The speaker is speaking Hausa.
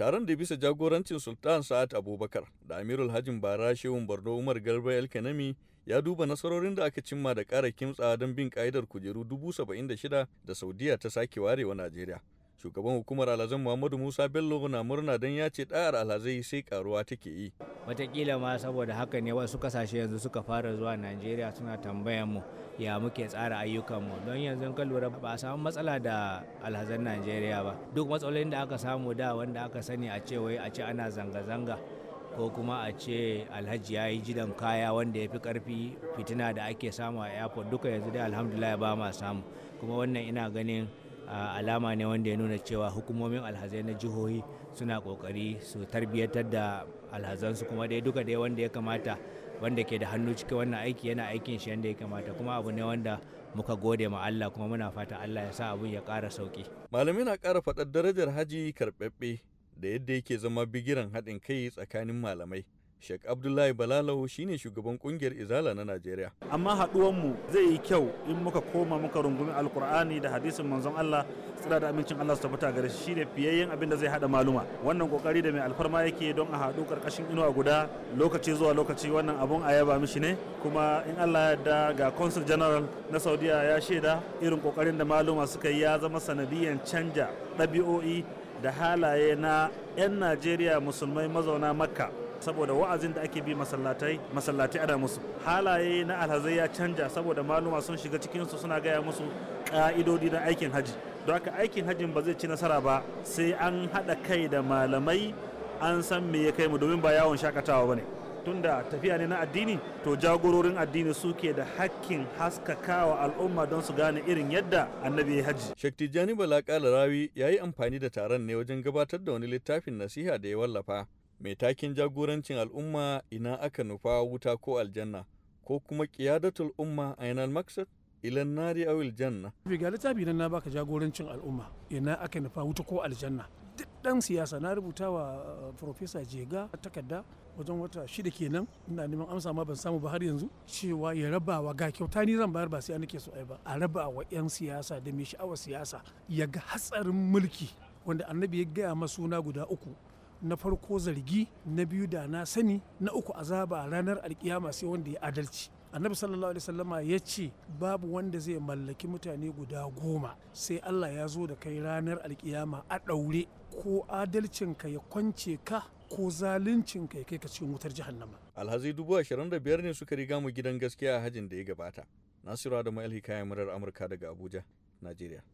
Taron da bisa jagorancin Sultan Sa'ad Abubakar da Amirul Hajin Bara Shehun Bardo Umar Garba El Kanami ya duba nasarorin da aka cimma da ƙara kimtsa don bin ƙa'idar kujeru dubu saba'in da Saudiya ta sake warewa Najeriya. shugaban hukumar alhazan muhammadu musa bello na murna don ya ce ɗayar alhazai sai karuwa take yi watakila ma saboda haka ne wasu kasashe yanzu suka fara zuwa najeriya suna tambayan mu ya muke tsara ayyukan mu don yanzu ka lura ba a samu matsala da alhazan najeriya ba duk matsalolin da aka samu da wanda aka sani a ce wai a ce ana zanga-zanga ko kuma a ce alhaji ya yi jidan kaya wanda ya fi karfi fitina da ake samu a airport duka yanzu dai alhamdulillah ba ma samu kuma wannan ina ganin alama ne wanda ya nuna cewa hukumomin alhazai na jihohi suna kokari su tarbiyyatar da alhazansu kuma dai duka dai wanda ya kamata wanda ke da hannu cikin wannan aiki yana aikin shi yadda ya kamata kuma abu ne wanda muka gode ma Allah kuma muna fata Allah ya sa abun ya kara sauki. Malami na kara faɗar darajar haji karɓaɓɓe da yadda yake zama bigiran haɗin kai tsakanin malamai Sheikh Abdullahi shi shine shugaban kungiyar Izala na Najeriya. Amma haɗuwanmu zai yi kyau in muka koma muka rungumi Alkur'ani da hadisin manzon Allah tsira da amincin Allah su tabbata gare shi shine fiyayyen abin da zai haɗa maluma. Wannan kokari da mai alfarma yake don a haɗu karkashin inuwa guda lokaci zuwa lokaci wannan abun a yaba mishi ne kuma in Allah ya yarda ga Consul General na Saudiya ya shaida irin kokarin da maluma suka yi ya zama sanadiyan canja ɗabi'o'i da halaye na 'yan Najeriya musulmai mazauna Makka saboda wa'azin da ake bi masallatai masallatai ana musu halaye na alhazai ya canja saboda maluma sun shiga cikin su suna gaya musu ka'idodi na aikin haji don haka aikin hajin ba zai ci nasara ba sai an haɗa kai da malamai an san me ya kai mu domin ba yawon shakatawa ba ne tunda tafiya ne na addini to jagororin addini suke da hakkin haskakawa al'umma don su gane irin yadda annabi ya haji. shek Tijjani Bala rawi ya yi amfani da taron ne wajen gabatar da wani littafin nasiha da ya wallafa mai takin jagorancin al'umma ina aka nufa wuta ko aljanna ko kuma kiyadatul umma ainal maksar ilan nari awil janna bi ga littafi na baka jagorancin al'umma ina aka nufa wuta ko aljanna duk ɗan siyasa na rubuta wa uh, Profesa jega takarda wajen wata shida kenan ina neman amsa ma ban samu ba har yanzu cewa ya rabawa ga kyauta ni zan bayar ba sai nake so ai ba a raba wa yan siyasa da mai sha'awar siyasa ya ga hatsarin mulki wanda annabi ya gaya suna guda uku na farko zargi na biyu da na sani na uku azaba a ranar alkiyama sai wanda ya adalci annabi sallallahu alaihi wasallama ya ce babu wanda zai mallaki mutane guda goma sai allah ya zo da kai ranar alkiyama a ɗaure ko adalcinka ya kwance ka ko zaluncin ya kai ka cikin wutar jahannama alhazi dubu ashirin da biyar ne suka riga mu gidan gaskiya a hajin da ya gabata nasiru adamu alhikaya murar amurka daga abuja najeriya